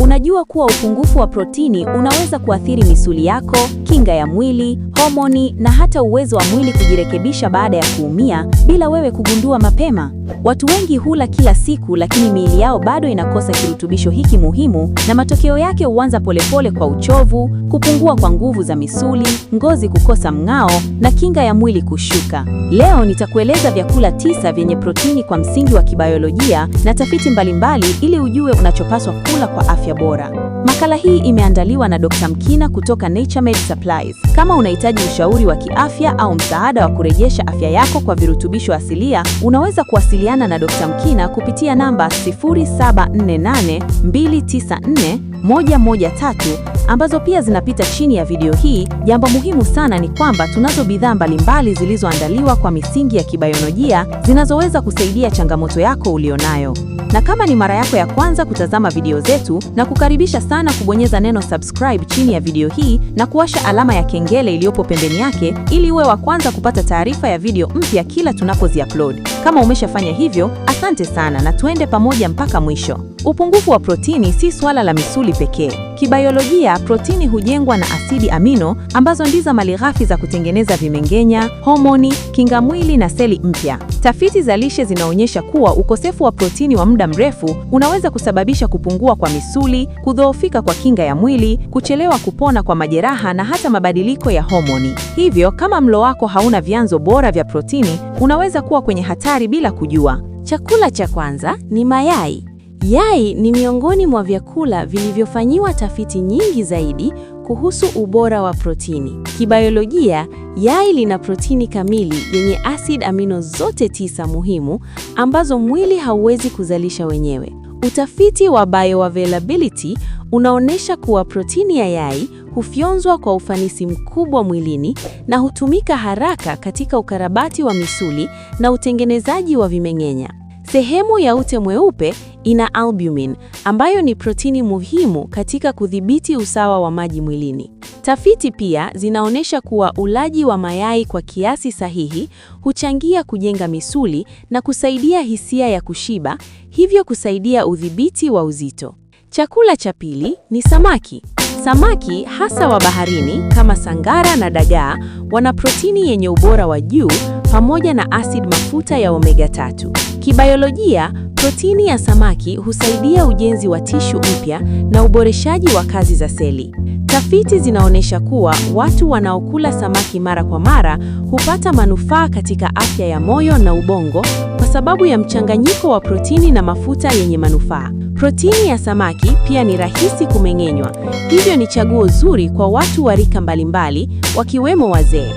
Unajua kuwa upungufu wa protini unaweza kuathiri misuli yako, kinga ya mwili, homoni na hata uwezo wa mwili kujirekebisha baada ya kuumia bila wewe kugundua mapema. Watu wengi hula kila siku, lakini miili yao bado inakosa kirutubisho hiki muhimu, na matokeo yake huanza polepole kwa uchovu, kupungua kwa nguvu za misuli, ngozi kukosa mng'ao na kinga ya mwili kushuka. Leo nitakueleza vyakula tisa vyenye protini kwa msingi wa kibayolojia na tafiti mbalimbali, ili ujue unachopaswa kula kwa afya afya bora. Makala hii imeandaliwa na Dr. Mkina kutoka Naturemed Supplies. Kama unahitaji ushauri wa kiafya au msaada wa kurejesha afya yako kwa virutubisho asilia, unaweza kuwasiliana na Dr. Mkina kupitia namba 0748294 113 ambazo pia zinapita chini ya video hii. Jambo muhimu sana ni kwamba tunazo bidhaa mbalimbali zilizoandaliwa kwa misingi ya kibayolojia zinazoweza kusaidia changamoto yako ulionayo. Na kama ni mara yako ya kwanza kutazama video zetu, na kukaribisha sana kubonyeza neno subscribe chini ya video hii na kuwasha alama ya kengele iliyopo pembeni yake ili uwe wa kwanza kupata taarifa ya video mpya kila tunapoziupload. Kama umeshafanya hivyo, asante sana na tuende pamoja mpaka mwisho. Upungufu wa protini si swala la misuli mwili pekee. Kibiolojia, protini hujengwa na asidi amino ambazo ndizo malighafi za kutengeneza vimeng'enya, homoni, kinga mwili na seli mpya. Tafiti za lishe zinaonyesha kuwa ukosefu wa protini wa muda mrefu unaweza kusababisha kupungua kwa misuli, kudhoofika kwa kinga ya mwili, kuchelewa kupona kwa majeraha na hata mabadiliko ya homoni. Hivyo, kama mlo wako hauna vyanzo bora vya protini, unaweza kuwa kwenye hatari bila kujua. Chakula cha kwanza ni mayai. Yai ni miongoni mwa vyakula vilivyofanyiwa tafiti nyingi zaidi kuhusu ubora wa protini. Kibiolojia, yai lina protini kamili yenye asidi amino zote tisa muhimu ambazo mwili hauwezi kuzalisha wenyewe. Utafiti wa bioavailability unaonyesha kuwa protini ya yai hufyonzwa kwa ufanisi mkubwa mwilini na hutumika haraka katika ukarabati wa misuli na utengenezaji wa vimeng'enya. Sehemu ya ute mweupe ina albumin ambayo ni protini muhimu katika kudhibiti usawa wa maji mwilini. Tafiti pia zinaonyesha kuwa ulaji wa mayai kwa kiasi sahihi huchangia kujenga misuli na kusaidia hisia ya kushiba, hivyo kusaidia udhibiti wa uzito. Chakula cha pili ni samaki. Samaki hasa wa baharini kama sangara na dagaa wana protini yenye ubora wa juu pamoja na asidi mafuta ya omega 3. Kibayolojia, protini ya samaki husaidia ujenzi wa tishu mpya na uboreshaji wa kazi za seli. Tafiti zinaonyesha kuwa watu wanaokula samaki mara kwa mara hupata manufaa katika afya ya moyo na ubongo kwa sababu ya mchanganyiko wa protini na mafuta yenye manufaa. Protini ya samaki pia ni rahisi kumeng'enywa, hivyo ni chaguo zuri kwa watu wa rika mbalimbali wakiwemo wazee.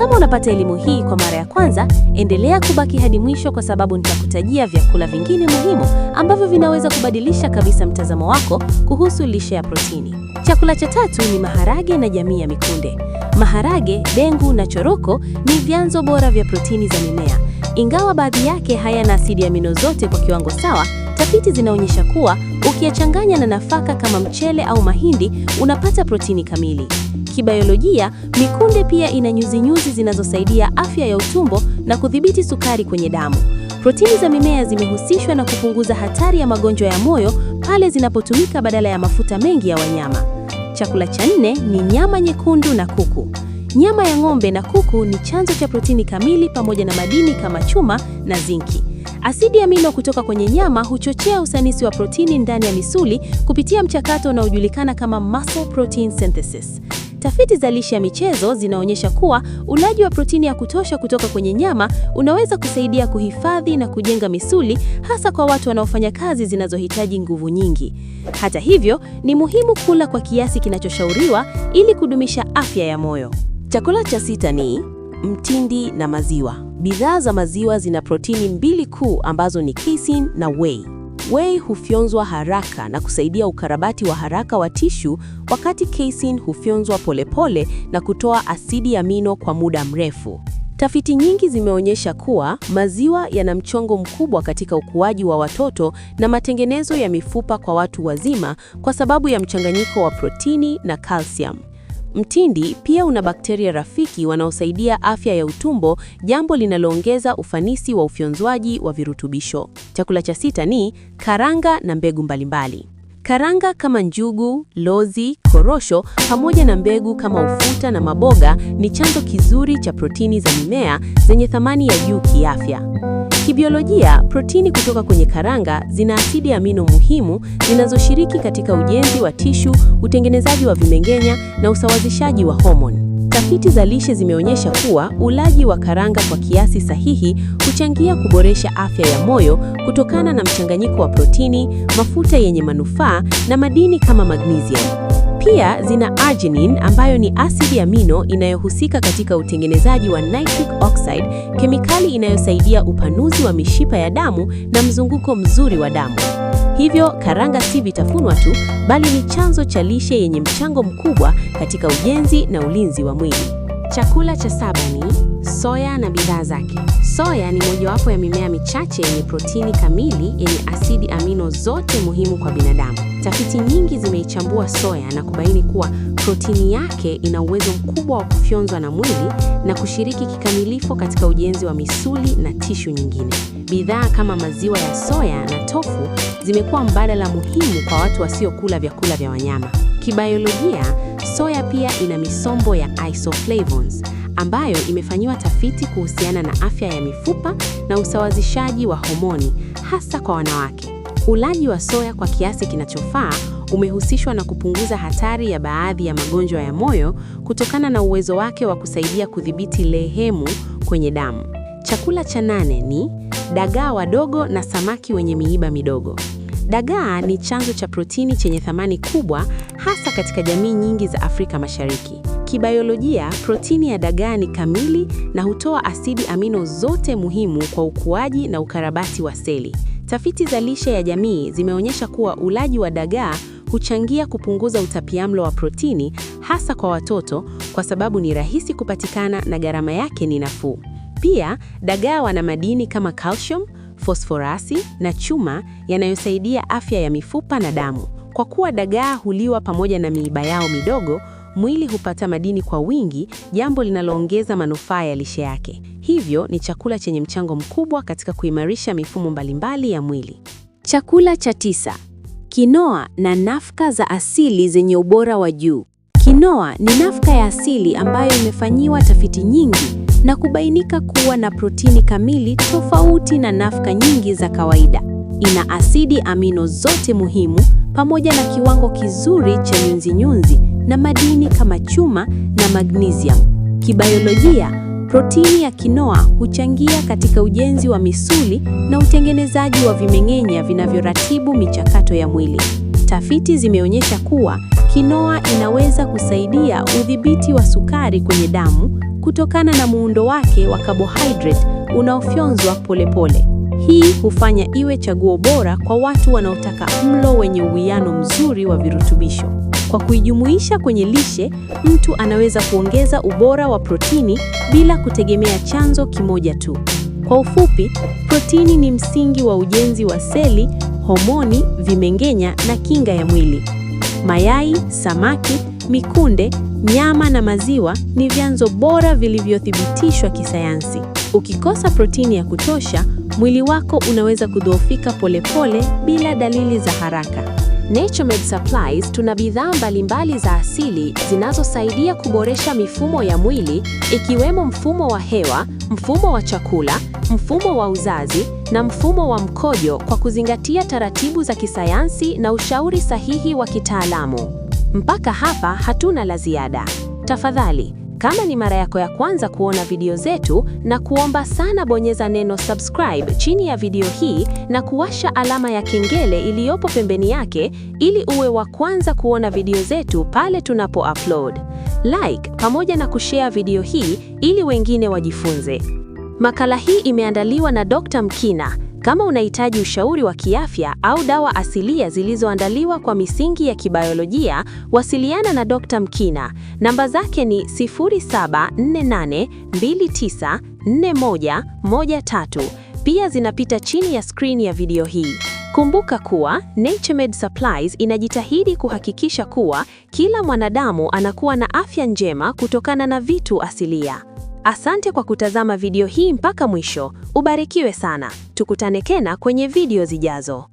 Kama unapata elimu hii kwa mara ya kwanza, endelea kubaki hadi mwisho, kwa sababu nitakutajia vyakula vingine muhimu ambavyo vinaweza kubadilisha kabisa mtazamo wako kuhusu lishe ya protini. Chakula cha tatu ni maharage na jamii ya mikunde. Maharage, dengu na choroko ni vyanzo bora vya protini za mimea. Ingawa baadhi yake hayana asidi ya amino zote kwa kiwango sawa, tafiti zinaonyesha kuwa ukiyachanganya na nafaka kama mchele au mahindi, unapata protini kamili. Kibayolojia, mikunde pia ina nyuzinyuzi zinazosaidia afya ya utumbo na kudhibiti sukari kwenye damu. Protini za mimea zimehusishwa na kupunguza hatari ya magonjwa ya moyo pale zinapotumika badala ya mafuta mengi ya wanyama. Chakula cha nne ni nyama nyekundu na kuku. Nyama ya ng'ombe na kuku ni chanzo cha protini kamili pamoja na madini kama chuma na zinki. Asidi amino kutoka kwenye nyama huchochea usanisi wa protini ndani ya misuli kupitia mchakato unaojulikana kama muscle protein synthesis. Tafiti za lishe ya michezo zinaonyesha kuwa ulaji wa protini ya kutosha kutoka kwenye nyama unaweza kusaidia kuhifadhi na kujenga misuli, hasa kwa watu wanaofanya kazi zinazohitaji nguvu nyingi. Hata hivyo, ni muhimu kula kwa kiasi kinachoshauriwa ili kudumisha afya ya moyo. Chakula cha sita ni mtindi na maziwa. Bidhaa za maziwa zina protini mbili kuu ambazo ni casein na whey. Whey hufyonzwa haraka na kusaidia ukarabati wa haraka wa tishu, wakati casein hufyonzwa polepole na kutoa asidi ya amino kwa muda mrefu. Tafiti nyingi zimeonyesha kuwa maziwa yana mchango mkubwa katika ukuaji wa watoto na matengenezo ya mifupa kwa watu wazima kwa sababu ya mchanganyiko wa protini na calcium. Mtindi pia una bakteria rafiki wanaosaidia afya ya utumbo, jambo linaloongeza ufanisi wa ufyonzwaji wa virutubisho. Chakula cha sita ni karanga na mbegu mbalimbali. Karanga kama njugu, lozi, korosho pamoja na mbegu kama ufuta na maboga ni chanzo kizuri cha protini za mimea zenye thamani ya juu kiafya. Kibiolojia, protini kutoka kwenye karanga zina asidi amino muhimu zinazoshiriki katika ujenzi wa tishu, utengenezaji wa vimeng'enya na usawazishaji wa homoni. Tafiti za lishe zimeonyesha kuwa ulaji wa karanga kwa kiasi sahihi huchangia kuboresha afya ya moyo kutokana na mchanganyiko wa protini, mafuta yenye manufaa na madini kama magnesium. Pia zina arginine ambayo ni asidi amino inayohusika katika utengenezaji wa nitric oxide, kemikali inayosaidia upanuzi wa mishipa ya damu na mzunguko mzuri wa damu. Hivyo karanga si vitafunwa tu, bali ni chanzo cha lishe yenye mchango mkubwa katika ujenzi na ulinzi wa mwili. Chakula cha saba ni soya na bidhaa zake. Soya ni mojawapo ya mimea michache yenye protini kamili yenye asidi amino zote muhimu kwa binadamu. Tafiti nyingi zimeichambua soya na kubaini kuwa protini yake ina uwezo mkubwa wa kufyonzwa na mwili na kushiriki kikamilifu katika ujenzi wa misuli na tishu nyingine. Bidhaa kama maziwa ya soya na tofu zimekuwa mbadala muhimu kwa watu wasiokula vyakula vya wanyama. Kibiolojia, soya pia ina misombo ya isoflavones ambayo imefanyiwa tafiti kuhusiana na afya ya mifupa na usawazishaji wa homoni hasa kwa wanawake. Ulaji wa soya kwa kiasi kinachofaa umehusishwa na kupunguza hatari ya baadhi ya magonjwa ya moyo kutokana na uwezo wake wa kusaidia kudhibiti lehemu kwenye damu. Chakula cha nane ni dagaa wadogo na samaki wenye miiba midogo. Dagaa ni chanzo cha protini chenye thamani kubwa hasa katika jamii nyingi za Afrika Mashariki. Kibiolojia, protini ya dagaa ni kamili na hutoa asidi amino zote muhimu kwa ukuaji na ukarabati wa seli. Tafiti za lishe ya jamii zimeonyesha kuwa ulaji wa dagaa huchangia kupunguza utapiamlo wa protini hasa kwa watoto kwa sababu ni rahisi kupatikana na gharama yake ni nafuu. Pia, dagaa wana madini kama calcium, fosforasi na chuma yanayosaidia afya ya mifupa na damu. Kwa kuwa dagaa huliwa pamoja na miiba yao midogo, mwili hupata madini kwa wingi, jambo linaloongeza manufaa ya lishe yake. Hivyo ni chakula chenye mchango mkubwa katika kuimarisha mifumo mbalimbali ya mwili. Chakula cha tisa: kinoa na nafaka za asili zenye ubora wa juu. Kinoa ni nafaka ya asili ambayo imefanyiwa tafiti nyingi na kubainika kuwa na protini kamili tofauti na nafaka nyingi za kawaida. Ina asidi amino zote muhimu pamoja na kiwango kizuri cha nyuzinyuzi na madini kama chuma na magnesium. Kibiolojia, protini ya kinoa huchangia katika ujenzi wa misuli na utengenezaji wa vimeng'enya vinavyoratibu michakato ya mwili. Tafiti zimeonyesha kuwa kinoa inaweza kusaidia udhibiti wa sukari kwenye damu kutokana na muundo wake wa carbohydrate unaofyonzwa polepole. Hii hufanya iwe chaguo bora kwa watu wanaotaka mlo wenye uwiano mzuri wa virutubisho. Kwa kuijumuisha kwenye lishe, mtu anaweza kuongeza ubora wa protini bila kutegemea chanzo kimoja tu. Kwa ufupi, protini ni msingi wa ujenzi wa seli, homoni, vimeng'enya na kinga ya mwili. Mayai, samaki, mikunde, nyama na maziwa ni vyanzo bora vilivyothibitishwa kisayansi. Ukikosa protini ya kutosha, Mwili wako unaweza kudhoofika polepole bila dalili za haraka. Naturemed Supplies tuna bidhaa mbalimbali za asili zinazosaidia kuboresha mifumo ya mwili ikiwemo mfumo wa hewa, mfumo wa chakula, mfumo wa uzazi na mfumo wa mkojo kwa kuzingatia taratibu za kisayansi na ushauri sahihi wa kitaalamu. Mpaka hapa hatuna la ziada. Tafadhali kama ni mara yako ya kwanza kuona video zetu, na kuomba sana bonyeza neno subscribe chini ya video hii na kuwasha alama ya kengele iliyopo pembeni yake ili uwe wa kwanza kuona video zetu pale tunapo upload. Like pamoja na kushare video hii ili wengine wajifunze. Makala hii imeandaliwa na Dr. Mkina. Kama unahitaji ushauri wa kiafya au dawa asilia zilizoandaliwa kwa misingi ya kibayolojia, wasiliana na Dr. Mkina. Namba zake ni 0748294113. Pia zinapita chini ya skrini ya video hii. Kumbuka kuwa Naturemed Supplies inajitahidi kuhakikisha kuwa kila mwanadamu anakuwa na afya njema kutokana na vitu asilia. Asante kwa kutazama video hii mpaka mwisho. Ubarikiwe sana. Tukutane tena kwenye video zijazo.